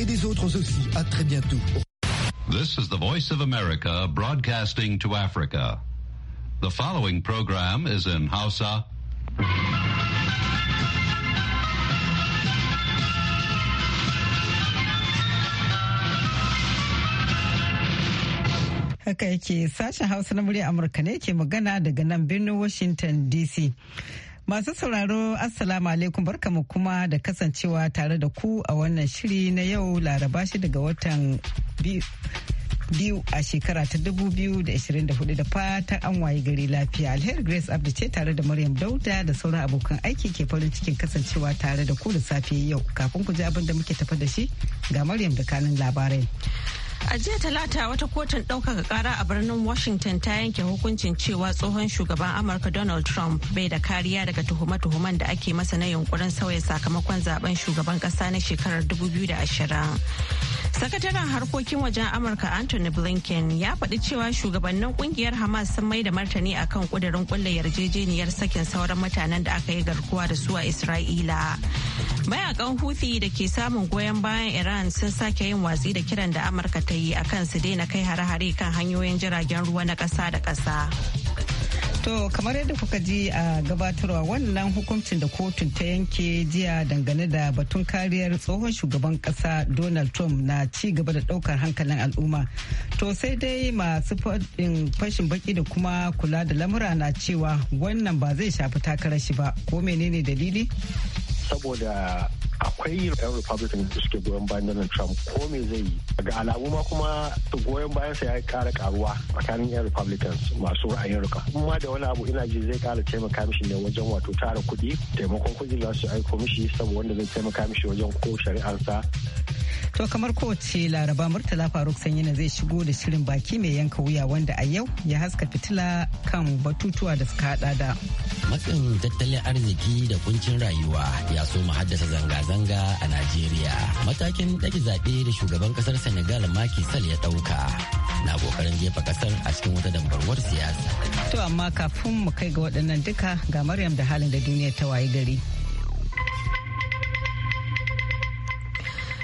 et des autres aussi. À très bientôt. This is the Voice of America broadcasting to Africa. The following program is in Hausa. Haka yake sashen Hausa na murya Amurka ne ke magana daga nan birnin Washington DC. Masu sauraro Assalamu alaikum barkamu kuma da kasancewa tare da ku a wannan shiri na yau laraba shi daga watan biyu a shekara ta 2024 da fatan an waye gari lafiya alheri grace Abdi ce tare da maryam dauda da sauran abokan aiki ke farin cikin kasancewa tare da ku da safe yau kafin ku ji abin da muke tafa da shi ga maryam da kanin labarai A jiya talata wata kotun ɗaukaka ƙara a birnin Washington ta yanke hukuncin cewa tsohon shugaban Amurka Donald Trump bai da kariya daga tuhume-tuhumen da ake masa na yunkurin sauya sakamakon zaben shugaban ƙasa na shekarar 2020. Sakataren harkokin wajen Amurka Anthony Blinken ya faɗi cewa shugabannin kungiyar Hamas sun mai da martani akan kudirin kulle yarjejeniyar sakin sauran mutanen da aka yi garkuwa da su a Isra'ila. Mayakan Houthi da ke samun goyon bayan Iran sun sake yin watsi da kiran da Amurka ta yi akan su daina kai hare-hare kan hanyoyin jiragen ruwa na ƙasa da ƙasa. To kamar yadda kuka ji a gabatarwa wannan hukuncin da kotun ta yanke jiya dangane da batun kariyar tsohon shugaban kasa Donald Trump na ci gaba da daukar hankalin al'umma. To sai dai masu fashin baki da kuma kula da lamura na cewa wannan ba zai shafi takarar shi ba ko menene dalili? saboda akwai yan republican da suke goyon bayan donald trump ko me zai yi ga alamu ma kuma goyon bayan sa ya kara karuwa tsakanin yan republicans masu ra'ayin ruka kuma da wani abu ina ji zai kara taimaka mishi ne wajen wato tara kuɗi taimakon kuɗi za su aiko mishi saboda wanda zai taimaka mishi wajen ko sa. To kamar kowace laraba Murtala Faruk Sanyina zai shigo da shirin baki mai yanka wuya wanda a yau ya haska fitila kan batutuwa da suka hada da. Matsin tattalin arziki da kuncin rayuwa ya so mu haddasa zanga-zanga a Najeriya. Matakin ɗage zaɓe da shugaban ƙasar Senegal Macky Sall ya ɗauka. Na ƙoƙarin jefa ƙasar a cikin wata dambarwar siyasa. To amma kafin mu kai ga waɗannan duka ga Maryam da halin da duniya ta wayi gari.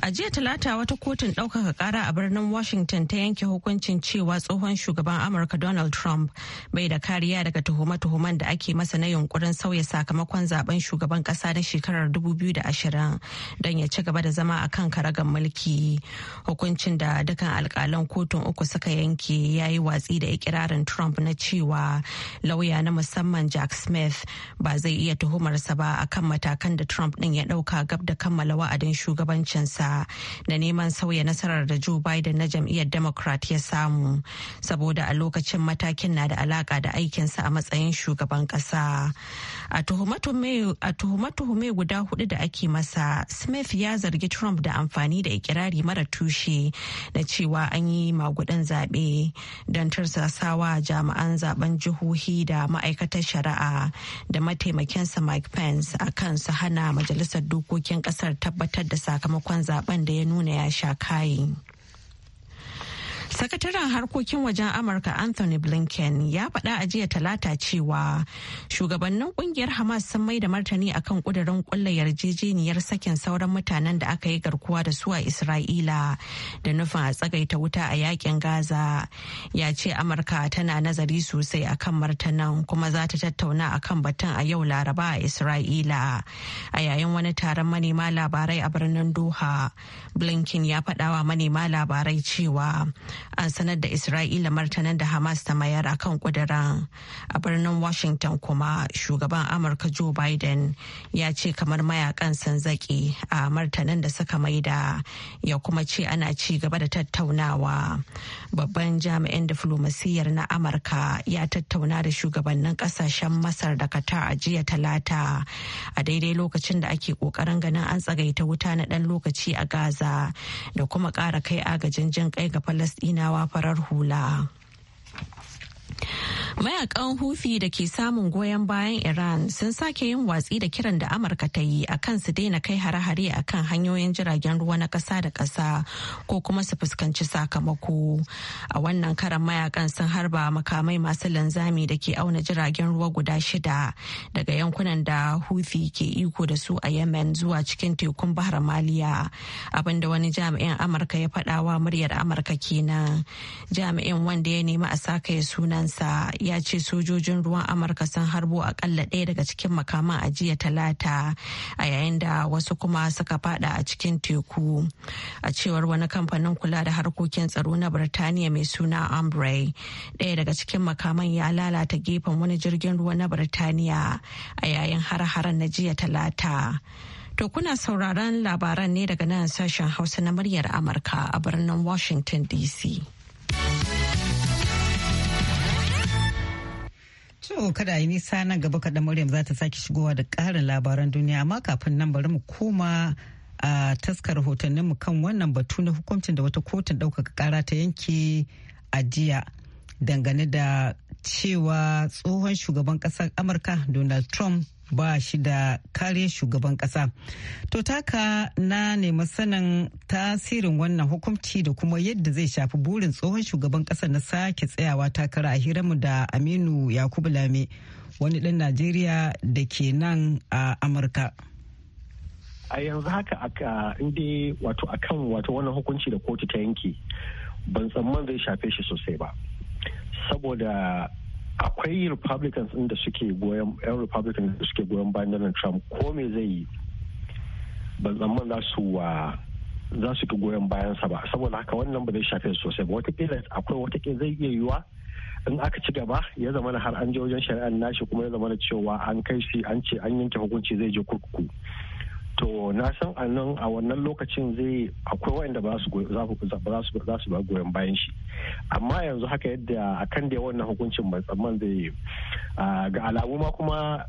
A jiya talata wata kotun ɗaukaka ƙara a birnin Washington ta yanke hukuncin cewa tsohon shugaban Amurka Donald Trump bai da kariya daga tuhume-tuhumen da ake masa na yunkurin sauya sakamakon zaben shugaban ƙasa na shekarar 2020 don ya ci gaba da zama a kan karagar mulki. Hukuncin da dukkan alƙalan kotun uku suka yanke ya yi watsi da ikirarin Trump na cewa lauya na musamman Jack Smith ba zai iya tuhumarsa ba akan matakan da Trump ɗin ya ɗauka gab da kammala wa'adin shugabancinsa. na neman sauya nasarar da joe biden na jam'iyyar democrat ya samu saboda a lokacin matakin na da alaka da aikinsa a matsayin shugaban kasa a tuhume-tuhume guda hudu da ake masa smith ya zargi trump da amfani da ikirari mara tushe na cewa an yi magudan zaɓe don tursasawa jami'an zaben jihohi da ma'aikatar shari'a da mataimakinsa mike pence a kan su hana majalisar dokokin ƙasar tabbatar da sakamakon zaben zaben da ya nuna ya sha kayi. Sakataren harkokin wajen Amurka Anthony Blinken ya faɗa a jiya talata cewa shugabannin kungiyar Hamas sun mai da martani akan kudirin ƙulla yarjejeniyar sakin sauran mutanen da aka yi garkuwa da su a Isra'ila da nufin a tsagaita wuta a yakin Gaza. Ya ce Amurka tana nazari sosai akan martanan kuma za ta tattauna akan batun a yau Laraba a Isra'ila. A yayin wani taron manema labarai a birnin Doha, Blinken ya faɗawa manema labarai cewa a sanar da isra'ila martanin da hamas ta mayar a kan kudirin a birnin washington kuma shugaban amurka joe biden ya ce kamar mayakan san a martanin da suka maida ya kuma ce ana ci gaba da tattaunawa babban jami'in diflomasiyyar na amurka ya tattauna da shugabannin kasashen masar da qatar a jiya talata a daidai lokacin da ake kokarin ganin an tsagaita wuta na dan lokaci a gaza da kuma kara kai agajin jin kai ga Falasɗi. inawa farar hula Mayakan Hufi da ke samun goyon bayan Iran sun sake yin watsi da kiran da Amurka ta yi a kan su daina kai hare-hare a kan hanyoyin jiragen ruwa na ƙasa da ƙasa ko kuma su fuskanci sakamako. A wannan karan mayakan sun harba makamai masu linzami da ke auna jiragen ruwa guda shida daga yankunan da Hufi ke iko da su a Yemen zuwa cikin tekun Bahar Maliya. Abinda wani jami'in Amurka ya faɗawa muryar Amurka kenan. Jami'in wanda ya nemi a saka sunan kansa ya ce sojojin ruwan Amurka sun harbo akalla ɗaya daga cikin makaman a jiya talata a yayin da wasu kuma suka fada a cikin teku. A cewar wani kamfanin kula da harkokin tsaro na Birtaniya mai suna Ambre, ɗaya daga cikin makaman ya lalata gefen wani jirgin ruwa na Birtaniya a yayin har-haren na jiya talata. To kuna sauraron labaran ne daga nan sashen Hausa na muryar Amurka a birnin Washington DC. To kada yi nisa nan gaba kaɗan Maryam za ta sake shigowa da ƙarin labaran duniya amma kafin nan bari mu koma a taskar mu kan wannan batu na hukuncin da wata kotun ɗaukaka ƙara ta yanke a jiya dangane da cewa tsohon shugaban ƙasar Amurka Donald Trump ba shi da kare shugaban kasa. To taka na nemi sanin tasirin wannan hukunci da kuma yadda zai shafi burin tsohon shugaban kasa na sake tsayawa takara a hiramu da Aminu Yakubu Lame wani ɗan Najeriya da ke nan a Amurka. A yanzu haka inda wato a kan wato wannan hukunci da kotu ta yanki ban tsamman zai shafe shi sosai ba. Saboda akwai republicans da suke goyon yan republicans da suke goyon bayan donald trump ko me zai yi ban zaman za su wa za su ki goyon bayansa ba saboda haka wannan ba zai shafe sosai ba watakila akwai watakila zai iya yiwa in aka ci gaba ya zama har an je wajen shari'ar nashi kuma ya zama cewa an kai shi an ce an yanke hukunci zai je kurkuku to na san a nan a wannan lokacin zai akwai wanda ba su za su ba goyon bayan shi amma yanzu haka yadda akan da wannan hukuncin ban tsamman zai ga alamu ma kuma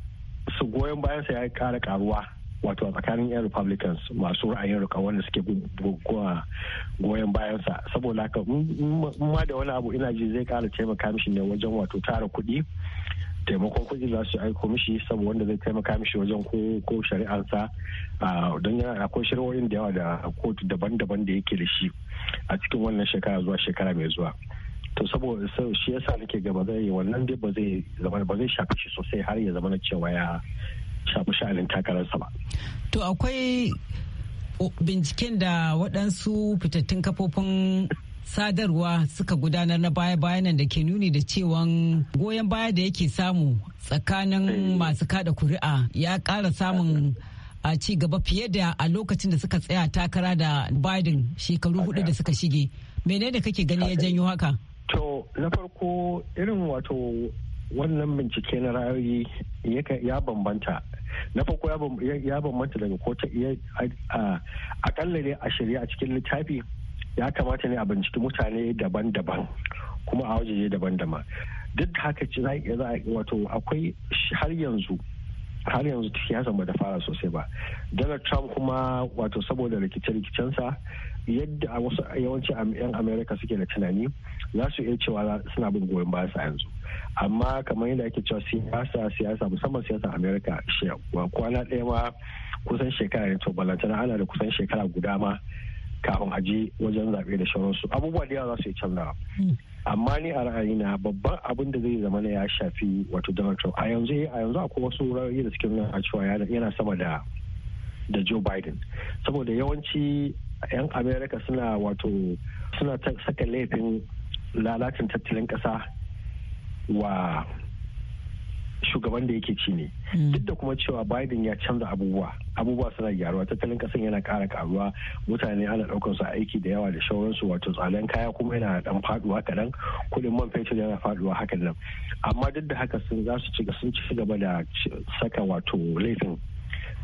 su goyon bayan sa ya kara karuwa wato a tsakanin yan republicans masu ra'ayin ruka wanda suke goyon bayansa saboda haka ma da wani abu ina ji zai kara taimaka mishi ne wajen wato tara kuɗi taimakon kuɗi za su aiko mishi saboda wanda zai taimaka mishi wajen ko ko shari'arsa don yana da akwai shari'o'in da yawa da kotu daban-daban da yake da shi a cikin wannan shekara zuwa shekara mai zuwa to saboda shi yasa nake gaba zai wannan dai ba zai zama ba zai shafi shi sosai har ya zama na cewa ya shafi sha'anin takararsa ba to akwai binciken da waɗansu fitattun kafofin sadarwa suka gudanar na baya-bayanan da ke nuni da cewan goyon baya da yake samu tsakanin eh. masu kada kuri'a ya kara samun a ci gaba fiye da a lokacin da suka tsaya takara da Biden shekaru hudu da suka shige. Menene kake gani ya janyo haka? To, na farko irin wato wannan bincike na ra'ayi ya bambanta na farko ya bambanta daga ko akalla ne a shirya a cikin littafi ya kamata ne a binciki mutane daban-daban kuma a wajeje daban-daban duk haka ci za a wato akwai har yanzu har yanzu siyasan ba da fara sosai ba donald trump kuma wato saboda rikice-rikicensa yadda wasu yawanci yan america suke da tunani za su iya cewa suna bin goyon bayan sa yanzu amma kamar yadda ake cewa siyasa siyasa musamman siyasa america kwana ɗaya ma kusan shekara ne to balantana ana da kusan shekara guda ma kafin aje wajen zaɓe da sauransu abubuwa da yawa za su yi canza hmm. amma ni a ra'ayi na babban abin da zai zama ya shafi wato donald trump a yanzu a yanzu akwai wasu ra'ayi da suke nuna cewa yana sama da da joe biden saboda yawanci 'yan america suna wato suna saka laifin lalacin tattalin ƙasa wa shugaban da yake ci ne hmm. duk da kuma cewa biden ya canza abubuwa abubuwa suna gyaruwa tattalin kasan yana kara karuwa mutane ana ɗaukar su aiki da yawa da shauransu wato tsalen kaya kuma yana dan faduwa kaɗan kuɗin man fetur yana faduwa haka nan amma duk da haka sun za su ci sun ci gaba da saka wato laifin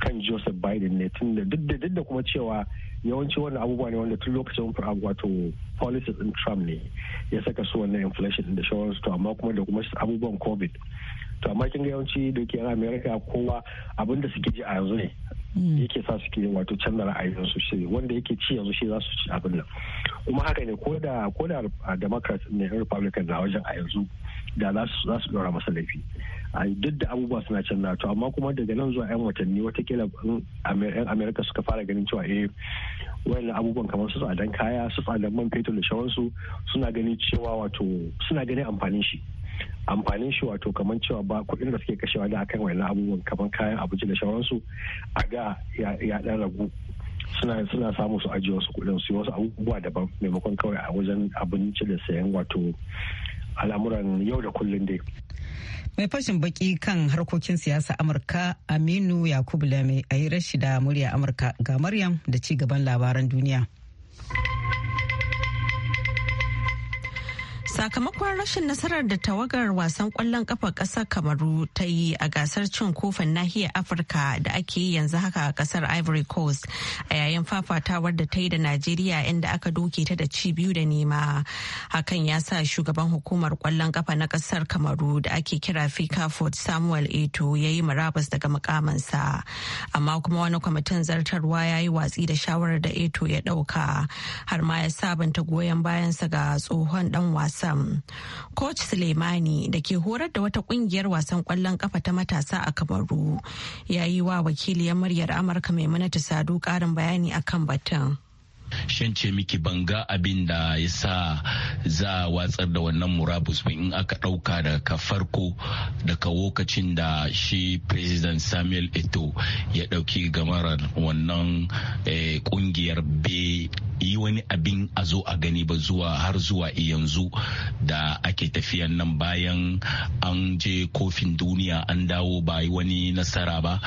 kan joseph biden ne tun duk da kuma cewa yawanci wannan abubuwa ne wanda tun lokacin wato policy din trump ne ya saka su wannan inflation da shawararsu to amma kuma da kuma abubuwan covid to amma kin ga yawanci da ke america kowa abin da suke ji a yanzu ne Mm. yake sa suke yin wato canza su shi wanda yake ci yanzu shi za su ci abin nan kuma haka ne ko da ko da democrat ne republican na wajen a yanzu da za su dora masa laifi duk da abubuwa suna canza to amma kuma daga nan zuwa 'yan watanni watakila 'yan america suka fara ganin cewa eh wani abubuwan kamar su tsadan kaya su tsadan man fetur da shawansu suna ganin cewa wato suna ganin amfanin shi amfanin shi wato kamar cewa ba kuɗin da suke kashewa da akan wani abubuwan kamar kayan abinci da sauransu a ga ya ɗan ragu suna suna samu su ajiye wasu kuɗin su wasu abubuwa daban maimakon kawai a wajen abinci da sayan wato al'amuran yau da kullum dai. mai fashin baki kan harkokin siyasa amurka aminu yakubu lami a yi rashida murya amurka ga maryam da ci gaban labaran duniya. sakamakon rashin nasarar da tawagar wasan kwallon kafa ƙasar kamaru ta yi a gasar cin kofin nahiyar afirka da ake yi yanzu haka a ƙasar ivory coast a yayin fafatawar da ta yi da najeriya inda aka doke ta da ci biyu da nema hakan ya sa shugaban hukumar kwallon kafa na ƙasar kamaru da ake kira fika ford samuel eto ya yi murabus daga mukamansa amma kuma wani kwamitin zartarwa ya yi watsi da shawarar da eto ya ɗauka har ma ya sabanta goyon bayansa ga tsohon dan wasa Sam. Coach Suleimani da ke horar da wata kungiyar wasan kwallon kafa ta matasa a Kamaru ya yi wa wakiliyar muryar Amurka mai ta Sadu karin bayani akan batun. shance miki banga abin da ya sa za a watsar da wannan murabus in aka ɗauka daga farko daga lokacin da shi president samuel eto ya ɗauki gamarar wannan kungiyar eh, b yi wani abin a zo a gani ba zuwa har zuwa yanzu da ake tafiyan nan bayan an je kofin duniya an dawo ba yi wani nasara ba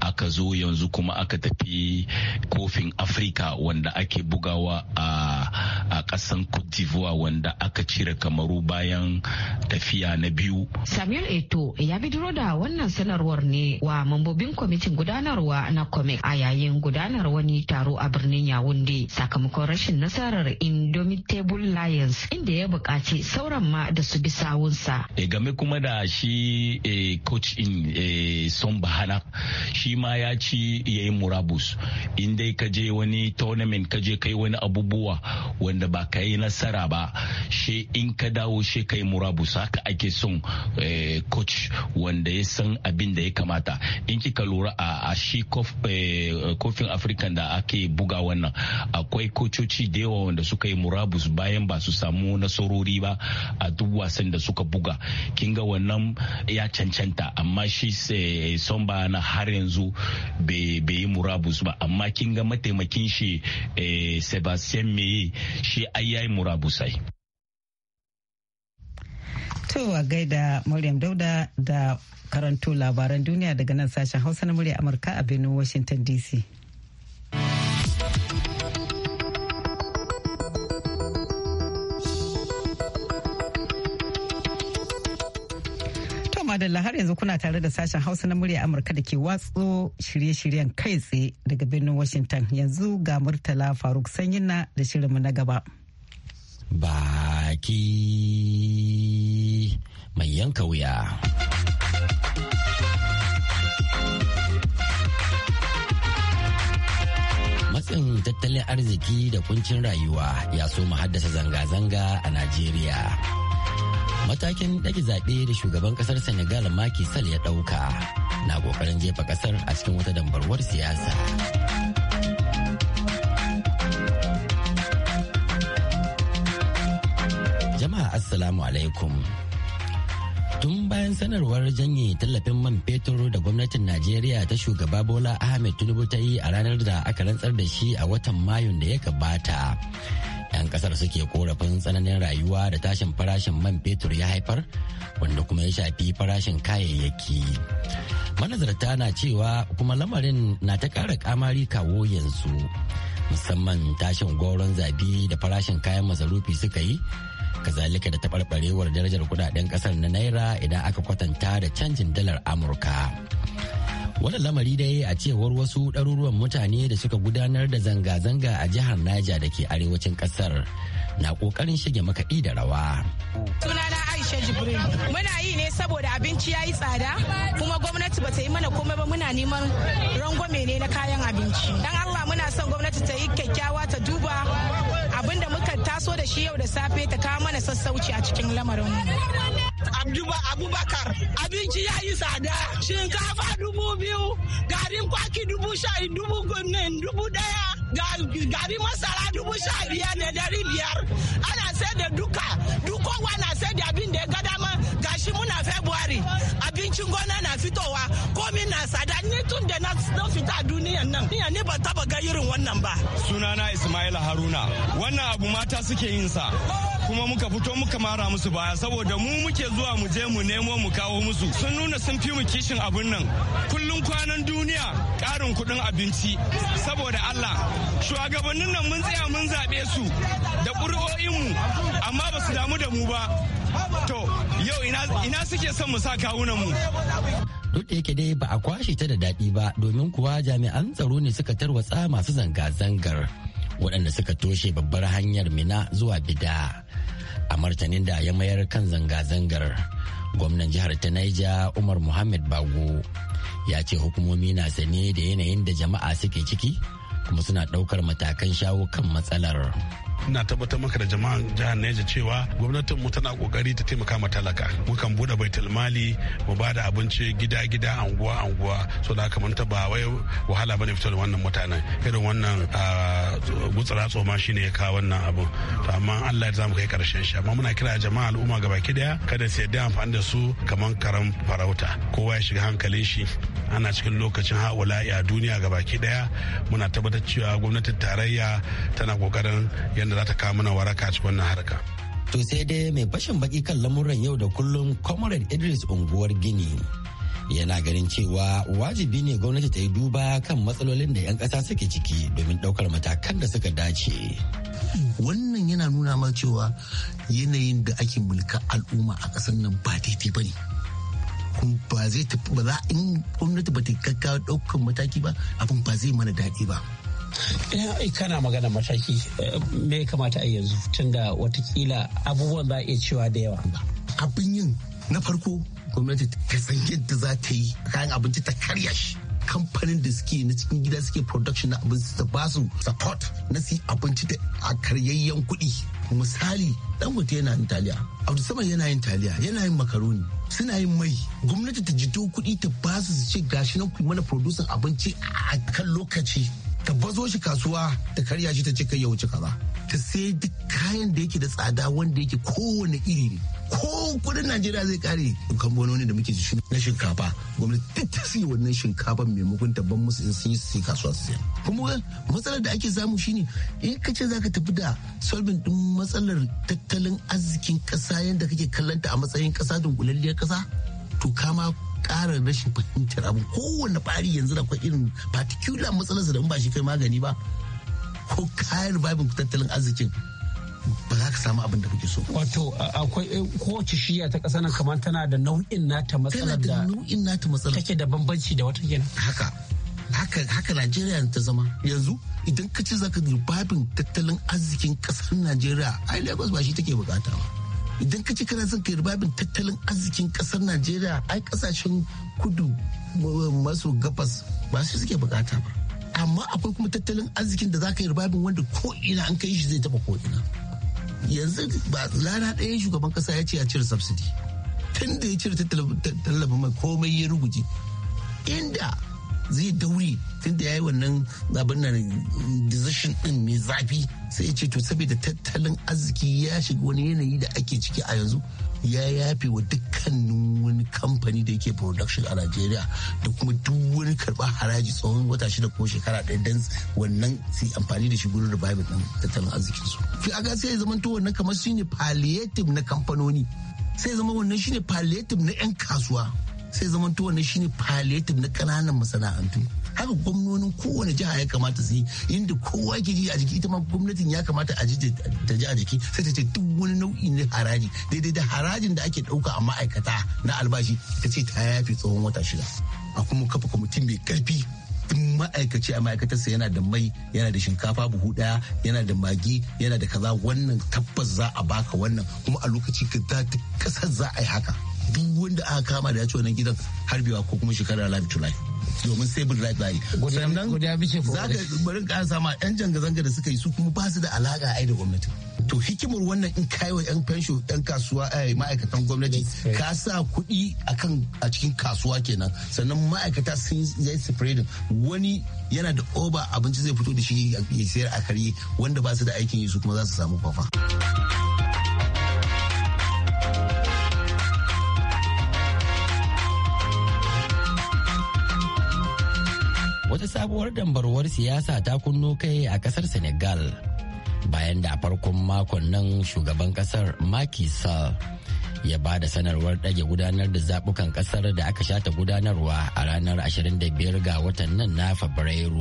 aka zo yanzu kuma aka tafi kofin afirka wanda ake bugawa a kasan cote d'ivoire wanda aka cire kamaru bayan tafiya na biyu samuel eto ya bidiro da wannan sanarwar ne wa mambobin kwamitin gudanarwa na comic a yayin gudanar wani taro a birnin yawunde sakamakon sakamakon rashin nasarar Indomitable Lions inda ya bukaci sauran ma da su bi sawunsa. E game kuma da shi e, coach in e, son bahana shi ma ya ci ya yi murabus in dai ka je wani tournament ka je kai wani abubuwa wanda ba ka yi nasara ba shi in ka dawo shi kai murabus haka ake son e, coach wanda ya san abin da ya kamata in kika lura a, shi e, kofin afirka da ake buga wannan akwai coach kococi da yawa wanda suka yi murabus bayan ba su samu nasarori ba a duk wasan da suka buga kin ga wannan ya cancanta amma shi eh, son ba na har yanzu bai yi murabus ba amma kin ga mataimakin shi eh, sebastian meye shi ai yayi murabusai To a gaida Maryam Dauda da karanto labaran duniya daga nan sashen Hausa na murya Amurka a birnin Washington DC. madalla har yanzu kuna tare da sashen hausa na murya amurka da ke watso shirye-shiryen kai tsaye daga birnin washington yanzu ga murtala faruk sanyina da shirinmu na gaba baki mai yanka wuya matsin tattalin arziki da kuncin rayuwa ya so mu haddasa zanga-zanga a najeriya Matakin ɗage zaɓe da shugaban ƙasar Senegal Maki Sal ya ɗauka na ƙoƙarin jefa ƙasar a cikin wata dambarwar siyasa. Jama'a Assalamu alaikum. Tun bayan sanarwar janye tallafin man fetur da gwamnatin Najeriya ta shugaba Bola Ahmed Tinubu ta yi a ranar da aka rantsar da shi a watan Mayun da ya gabata. 'yan kasar suke korafin tsananin rayuwa da tashin farashin man fetur ya haifar wanda kuma ya shafi farashin kayayyaki manazarta na cewa kuma lamarin na ta kara kamari kawo yanzu musamman tashin goron zabi da farashin kayan masarufi suka yi kazalika da taɓarɓarewar darajar kudaden kasar na naira idan aka kwatanta da canjin dalar amurka Wani lamari dai a cewar wasu ɗaruruwan mutane da suka gudanar da zanga-zanga a jihar Naija da ke arewacin ƙasar na kokarin shige makaɗi da rawa. Sunana Aisha Jibril muna yi ne saboda abinci ya yi tsada kuma gwamnati ba ta yi mana komai ba muna neman rangwame ne na kayan abinci. Dan Allah muna son gwamnati ta yi kyakkyawa ta duba taso da shi yau da safe ta kawo mana sassauci a cikin lamarin Abduba Abubakar abinci ya yi tsada shinkafa dubu biyu garin kwaki dubu sha dubu dubu daya garin masara dubu sha biyar da dari biyar ana sai da duka dukowa na sai da abin da ya gada ma gashi muna fe kudin gona na fitowa komi na sada ni tun da na fita duniyan nan ni ne ba taba ga irin wannan ba sunana Ismaila Haruna wannan abu mata suke yin sa kuma muka fito muka mara musu baya saboda mu muke zuwa mu je mu nemo mu kawo musu sun nuna sun fi mu kishin abun nan kullun kwanan duniya karin kudin abinci saboda Allah shugabannin nan mun tsaya mun zaɓe su da ƙuri'o'inmu amma ba su damu da mu ba to yau ina suke son mu sa kawunan mu duk da yake dai ba a kwashe ta da daɗi ba domin kuwa jami'an tsaro ne suka tarwatsa masu zanga-zangar waɗanda suka toshe babbar hanyar mina zuwa bida a martanin da ya mayar kan zanga-zangar gwamnan jihar ta naija umar muhammad bago ya ce hukumomi na sane da yanayin da jama'a suke ciki kuma suna ɗaukar matakan shawo kan matsalar ina tabbatar maka da jama'an jihar Neja cewa gwamnatin mu tana kokari ta taimaka ma talaka mukan bude baitul mali mu ba da abinci gida gida anguwa anguwa so da kamar ta ba wai wahala bane fitar wannan mutanen irin wannan ah, gutsura tsoma shine ya kawo wannan abu to amma Allah ya zamu kai karshen shi amma muna kira jama'a al'umma gabaki daya kada su yadda amfani da su kamar karam farauta kowa ya shiga hankalin shi ana cikin lokacin haula'i a duniya gabaki daya muna tabbatar cewa gwamnatin tarayya tana kokarin yadda za ta kawo mana waraka cikin wannan harka. To sai dai mai fashin baki kan lamuran yau da kullum Comrade Idris unguwar Gini. Yana ganin cewa wajibi ne gwamnati ta yi duba kan matsalolin da 'yan ƙasa suke ciki domin ɗaukar matakan da suka dace. Wannan yana nuna mana cewa yanayin da ake mulka al'umma a ƙasar nan ba daidai ba ne. Ba ba za in gwamnati ba ta gaggawa ɗaukar mataki ba abin ba zai mana daɗi ba. Eh, kana magana mataki eh, me kamata a yanzu tun tunda watakila abubuwan za a iya cewa da yawa abin yin na farko gwamnati ta san yadda za ta yi kayan abinci ta karya shi kamfanin da suke na cikin gida suke production na abinci ta ba su support na su abinci da a karyayyen kuɗi misali wata yana yin taliya abu sama yana yin taliya yana yin makaroni suna yin mai gwamnati ta jito kuɗi ta ba su su ce gashi nan ku mana producing abinci a kan lokaci ta bazo shi kasuwa ta karya shi ta ce kai ya wuce kaza ta sai duk kayan da yake da tsada wanda yake kowane iri ne ko kudin najeriya zai kare kamfanoni da muke na shinkafa gwamnati duk ta siya wannan shinkafa maimakon ta ban musu in sun yi sai kasuwa su siya kuma matsalar da ake samu shine in ka ce zaka tafi da solving din matsalar tattalin arzikin kasa yadda kake kallanta a matsayin kasa dunkulalliyar kasa to kama ƙara rashin fahimtar abu kowane ɓari yanzu da kwa irin particular matsalarsa da in ba shi kai magani ba ko kayan babin tattalin arzikin ba za ka samu abin da kuke so. Wato akwai eh, kowace shiya ta ƙasa nan kamar tana da nau'in nata matsalar da nau'in nata matsalar take da bambanci da wata kenan. Haka haka haka Najeriya ta zama yanzu idan ka ci zaka babin tattalin arzikin ƙasar Najeriya ai Lagos ba shi take bukata ba. idan ka ci kana son ka rubabin tattalin arzikin kasar najeriya ai kasashen kudu maso gabas ba su suke bukata ba amma akwai kuma tattalin arzikin da za ka yi rubabin wanda ko ina an kai shi zai taba ko ina yanzu ba rana ɗaya shugaban kasa ya ce ya cire subsidy tun da ya cire tallafin mai komai ya ruguje inda zai dauri tun da ya yi wannan abin nan decision din mai zafi sai ya ce to saboda tattalin arziki ya shiga wani yanayi da ake ciki a yanzu ya yafe wa dukkanin wani kamfani da yake production a Najeriya da kuma duk wani karɓar haraji tsawon wata shida ko shekara ɗaya don wannan su amfani da shi gurin revival ɗin tattalin arzikin su. Fi aga sai ya zamanto wannan kamar shine palliative na kamfanoni sai zama wannan shine palliative na 'yan kasuwa sai zaman tuwa na shine palliative na kananan masana'antu haka gwamnonin kowane jiha ya kamata su yi inda kowa ke ji a jiki ita ma gwamnatin ya kamata a ji ta ji a jiki sai ta ce duk wani nau'i na haraji daidai da harajin da ake ɗauka a ma'aikata na albashi ta ce ta yafi tsawon wata shida a kuma kafa kwamitin mai karfi duk ma'aikaci a ma'aikatarsa yana da mai yana da shinkafa buhu daya yana da magi yana da kaza wannan tabbas za a baka wannan kuma a lokaci ka kasar za a yi haka duk wanda aka kama da ya ci wannan gidan harbewa ko kuma shekara life to life domin bin right life sannan za ka bari ƙara sama yan zanga-zanga da suka yi su kuma ba su da alaka ai da gwamnati to hikimar wannan in kai wa yan fensho yan kasuwa eh, ma'aikatan gwamnati ka sa kuɗi akan a cikin kasuwa kenan sannan ma'aikata sun yi spreading wani yana da oba abinci zai fito da shi ya sayar a karye wanda ba su da aikin yi su kuma za su samu kwafa. sabuwar dambarwar siyasa ta kunno kai a kasar Senegal. Bayan da a farkon makon nan shugaban kasar Macky ya ba da sanarwar ɗage gudanar da zaɓukan ƙasar da aka shata gudanarwa a ranar 25 ga watan nan na Fabrairu.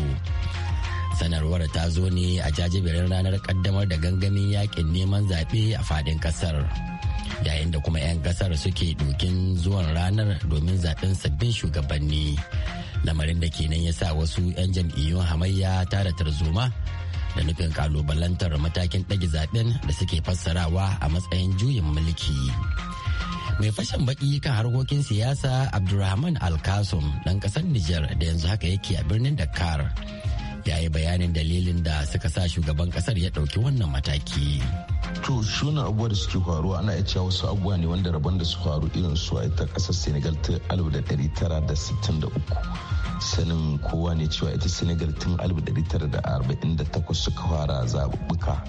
sanarwar ta zo ne a jajiberin ranar kaddamar da gangamin yakin neman zaɓe a fadin ƙasar yayin da kuma 'yan ƙasar suke dokin zuwan ranar domin zaɓen sabbin shugabanni lamarin da kenan ya sa wasu 'yan jam'iyyun hamayya tara tarzoma da nufin kalubalantar matakin ɗage zaɓen da suke fassarawa a matsayin juyin mulki mai fashin baki kan harkokin siyasa abdulrahman alkasum ɗan ƙasar niger da yanzu haka yake a birnin dakar ya yi bayanin dalilin da suka sa shugaban ƙasar ya ɗauki wannan mataki. to suna abubuwa da suke faruwa ana iya cewa wasu abubuwa ne wanda rabon da su faru irin su a ita kasar senegal ta uku sanin kowa ne cewa ita senegal tun takwas suka fara zaɓuɓɓuka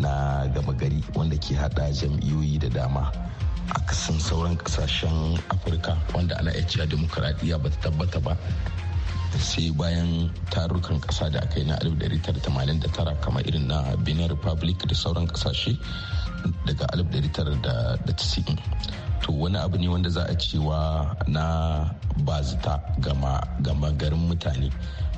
na gama gari wanda ke hada jam'iyyoyi da dama a kasan sauran kasashen afirka wanda ana iya cewa demokuraɗiyya ba ta tabbata ba sai bayan tarukan kasa da aka yi na 1989 kamar irin na benin republic da sauran kasashe daga 1990 to wani abu ne wanda za a cewa na bazita gama garin mutane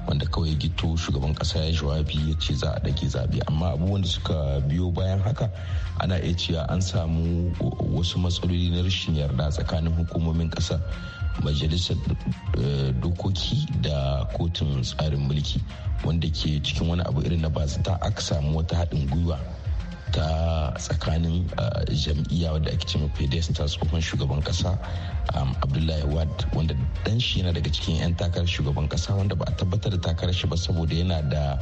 wanda kawai gito shugaban kasa ya shawabi ya ce za a dage zaɓe amma abubuwan da suka biyo bayan haka ana iya cewa an samu wasu matsaloli na rashin yarda tsakanin hukumomin ƙasa majalisar eh, dokoki da kotun tsarin mulki wanda ke cikin wani abu irin na ba ta aka samu wata haɗin gwiwa ta tsakanin uh, jam'iyya wadda ake cewa pds ta tsohon shugaban kasa um, abdullahi wad wanda dan shi yana daga cikin 'yan takarar shugaban kasa wanda ba a tabbatar da takarar shi ba saboda yana da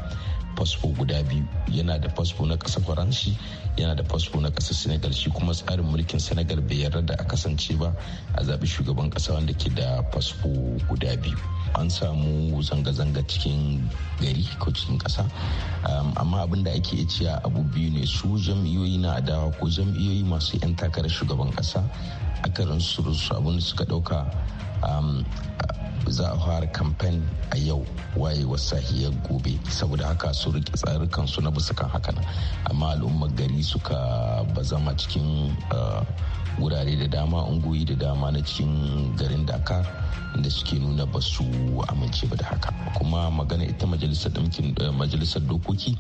fasfo guda biyu yana da fasfo na kasa faransi yana da fasfo na kasa senegal shi kuma tsarin mulkin senegal bai yarda da a kasance ba a zaɓi shugaban kasa wanda ke da fasfo guda biyu an samu zanga-zanga cikin gari ko cikin kasa um, amma abin da ake cewa abu biyu ne su jam'iyoyi na adawa ko jam'iyyoyi masu 'yan takarar shugaban ƙasa akarin su abin da suka ɗauka um, za a fara kamfen a yau wayewar sahiyar gobe saboda haka su rike tsarukan su na bisa kan haka amma al'ummar gari suka bazama cikin eh, wurare da dama ungoyi da dama na cikin garin dakar inda suke nuna ba su amince ba da haka kuma magana ita majalisar eh, dokoki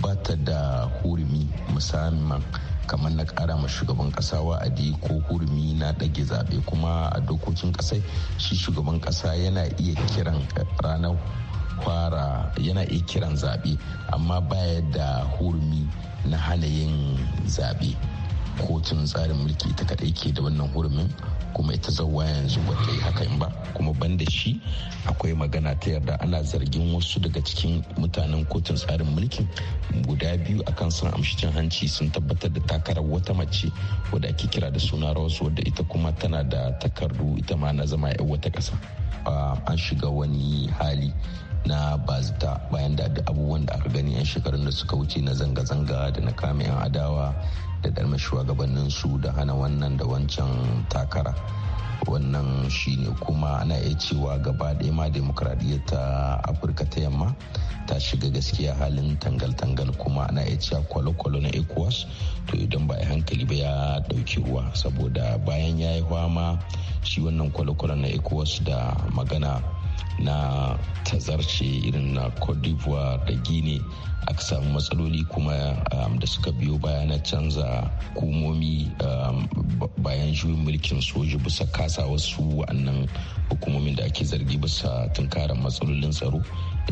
ba ta da hurumi musamman kamar na kara ma shugaban kasa wa'adi ko hurumi na ɗage zaɓe kuma a dokokin ƙasai shi shugaban ƙasa yana iya kiran ranar kwara yana iya kiran zaɓe amma baya da hurumi na hana yin zaɓe kotun tsarin mulki ta kaɗai ke da wannan hurumin kuma ita zauwa yanzu ba yi haka in ba kuma banda shi akwai magana ta yarda ana zargin wasu daga cikin mutanen kotun tsarin mulkin guda biyu akan sun amshi cin hanci sun tabbatar da takarar wata mace wadda ake kira da suna rawas wadda ita kuma tana da takardu ita ma na zama 'yan wata kasa an shiga wani hali na bazita bayan da abubuwan da aka gani 'yan shekarun da suka wuce na zanga-zanga da na kame 'yan adawa da ɗarmar shugabannin su da hana wannan da wancan takara wannan shi ne kuma ana iya cewa gaba ɗaya ma demokradiyyar ta afirka ta yamma ta shiga gaskiya halin tangal-tangal kuma ana iya cewa kwalo-kwalo na ecowas to idan ba a hankali ba ya ɗauki ruwa saboda bayan ya yi ma shi wannan kwalo-kwalo na ecowas da magana na tazarce irin na cote d'ivoire da guinea aka samu matsaloli kuma um, da suka biyo baya na canza hukumomi um, bayan juyin mulkin soji bisa kasa wasu wa'annan hukumomin da ake zargi bisa tunkarar matsalolin tsaro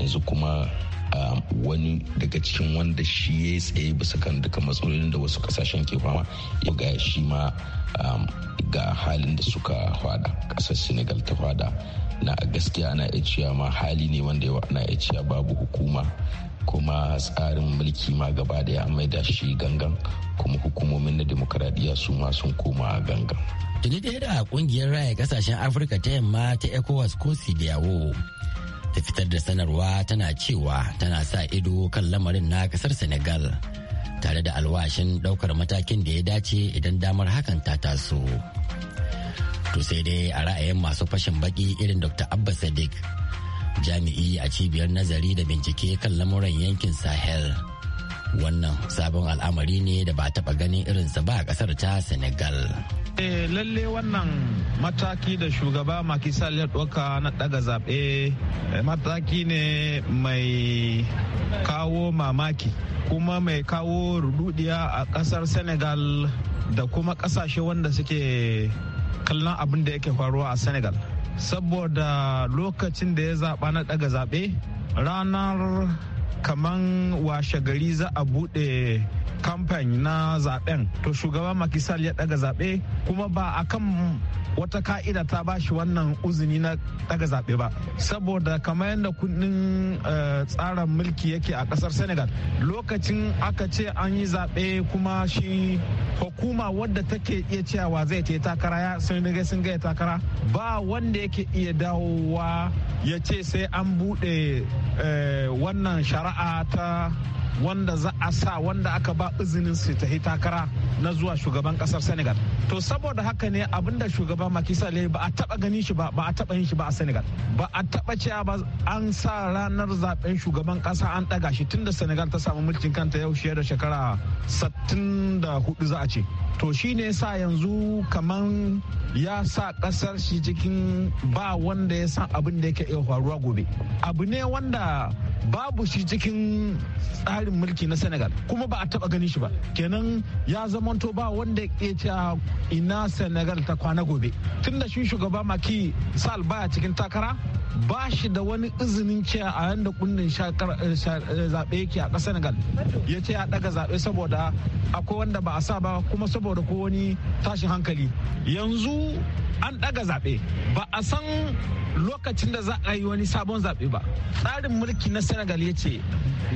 yanzu kuma um, wani daga cikin wanda shi ya tsaye bisa kan duka matsalolin da wasu kasashen ke fama ya ga shi ma um, ga halin da suka fada kasar senegal ta fada na gaskiya ana iya cewa ma hali ne wanda yawa ana iya cewa babu hukuma kuma tsarin mulki ma gaba da ya da shi gangan kuma hukumomin na demokuraɗiyya su ma sun koma gangan. Tuni ɗaya da kungiyar raya kasashen Afirka ta yamma ta ECOWAS ko Sidiyawo ta fitar da sanarwa tana cewa tana sa ido kan lamarin na kasar senegal tare da alwashin daukar matakin da ya dace idan damar hakan ta taso to sai dai a ra'ayin masu fashin baki irin dr abba sadiq jami'i a cibiyar nazari da bincike kan lamuran yankin sahel wannan sabon al'amari ne da ba taɓa ganin irinsa ba a ƙasar ta senegal eh, lalle wannan mataki da shugaba makisal ya ɗauka na ɗaga zaɓe eh, mataki ne mai kawo mamaki kuma mai kawo rududiya a ƙasar senegal da kuma ƙasashe wanda suke kallon abin da yake faruwa a senegal saboda lokacin da ya zaɓa na ɗaga zaɓe ranar kaman washe gari za a buɗe kamfani na zaben to shugaban makisal ya daga zaɓe kuma ba a kan wata ka'ida ta ba shi wannan uzini na daga zaɓe ba saboda kamar yadda kundin eh, tsarin mulki yake a kasar senegal lokacin aka ce an yi zaɓe kuma shi hukuma wadda take iya cewa zai ce takara ya sun riga sun gaya takara ba wanda yake iya dawowa ya ce sai an bude eh, wannan shari'a ta wanda za a sa wanda aka ba izinin su ta takara na zuwa shugaban kasar senegal to saboda haka ne abinda shugaban makisa Sall ba a taba gani shi ba ba a taba yin shi ba a senegal ba a taba cewa ba an sa ranar zaben shugaban kasa an daga shi tunda senegal ta samu mulkin kanta yau shi da shekara da hudu za a ce to shi ne sa yanzu kaman ya sa kasar shi cikin ba wanda ya san abin da yake iya faruwa gobe abu ne wanda babu shi cikin tsarin mulki na senegal kuma ba a taba ganin shi ba kenan ya zamanto ba wanda ya ce ah, ina senegal ta kwana gobe tun da shi shugaba maki sal baya cikin takara ba shi da wani izinin cewa a yanda kundin eh, eh, zaɓe yake a ƙasar Senegal ya ce ya daga zaɓe saboda akwai wanda ba a sa ba kuma saboda ko wani tashin hankali yanzu an daga zaɓe ba a san lokacin da za a yi wani sabon zaɓe ba tsarin mulki na senegal ya ce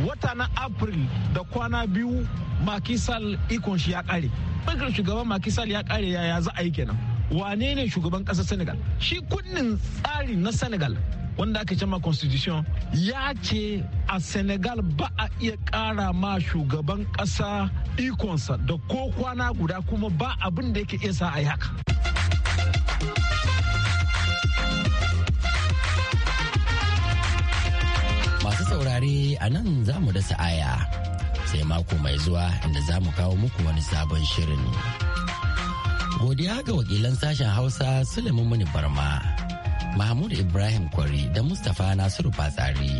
wata na april da kwana biyu makisal ikon shi ya kare bankar shugaban makisal ya kare ya za a yi kenan wane ne shugaban kasar senegal shi kunnin tsari na senegal wanda aka cema constitution ya ce a senegal ba a iya kara ma shugaban kasa ikonsa da ko kwana guda kuma ba abin da yake iya sa a yi haka saurare a nan za mu dasa aya sai mako mai zuwa inda zamu kawo muku wani sabon shirin. Godiya ga wakilan sashen Hausa Suleiman Muni Barma, Mahmud Ibrahim Kwari da Mustapha Nasiru Fatsari.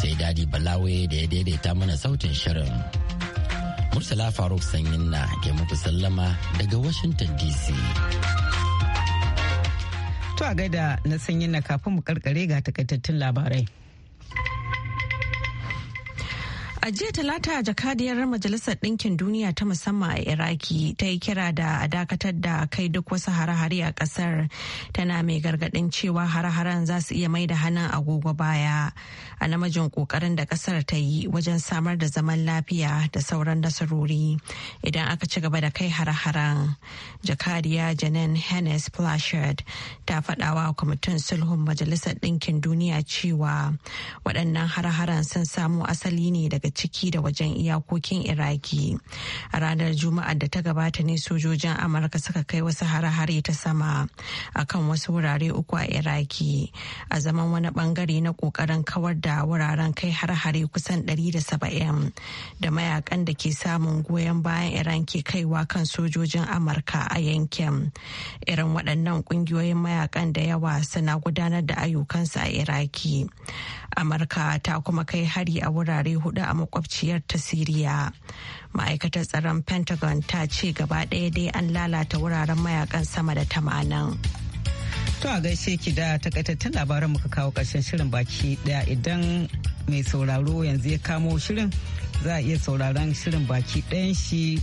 Sai Dadi Balawe da ya daidaita mana sautin shirin. mursala Faruk Sanyin na ke muku sallama daga Washington DC. To a gaida na sanyin na kafin mu karkare ga takaitattun labarai. A jiya talata jakadiyar Majalisar Ɗinkin Duniya ta musamman a Iraki ta yi kira da a dakatar da kai duk wasu hare-hare a ƙasar tana mai gargaɗin cewa hare-haren za su iya mai da hannun agogo baya a namijin ƙoƙarin da ƙasar ta yi wajen samar da zaman lafiya da sauran nasarori idan aka ci gaba da kai hare-haren. Jakadiya Janen Hennes Plashard ta faɗawa kwamitin sulhun Majalisar Ɗinkin Duniya cewa waɗannan hare-haren sun samo asali ne daga ciki da wajen iyakokin iraki a ranar juma'a da ta gabata ne sojojin amurka suka kai wasu hare-hare ta sama akan wasu wurare uku a iraki a zaman wani bangare na kokarin kawar da wuraren kai hare-hare kusan 170 da mayakan da ke samun goyon bayan iran ke kaiwa kan sojojin amurka a yankin irin waɗannan ƙungiyoyin mayakan da yawa suna gudanar da ayyukansu a iraki amurka ta kuma kai hari a wurare hudu a makwabciyar ta siriya ma'aikatar tsaron pentagon ta ce gaba ɗaya dai an lalata wuraren mayakan sama da tamanin. To a gaishe ki da takaitattun labaran muka kawo ƙarshen shirin baki ɗaya idan mai sauraro yanzu ya kamo shirin za a iya sauraron shirin baki ɗayan shi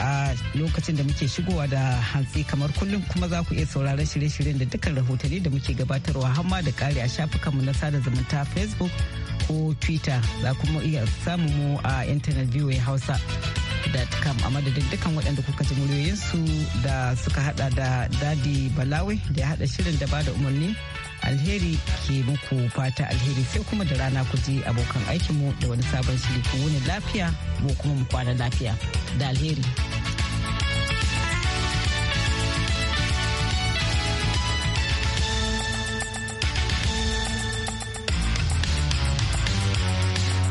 a lokacin da muke shigowa da hantsi kamar kullum kuma za ku iya sauraron shirye-shiryen da dukkan rahotanni da muke gabatarwa hamma da kare a shafukanmu na sada zumunta facebook ko twitter za kuma iya samu mu a intanet voa hausa com a madadin dukkan waɗanda kuka ji muryoyinsu da suka hada da dadi balawe da ya hada shirin da ba da umarni alheri ke muku fata alheri sai kuma da rana ku je abokan aikinmu da wani sabon shiri ku wuni lafiya mu kuma mu kwana lafiya da alheri.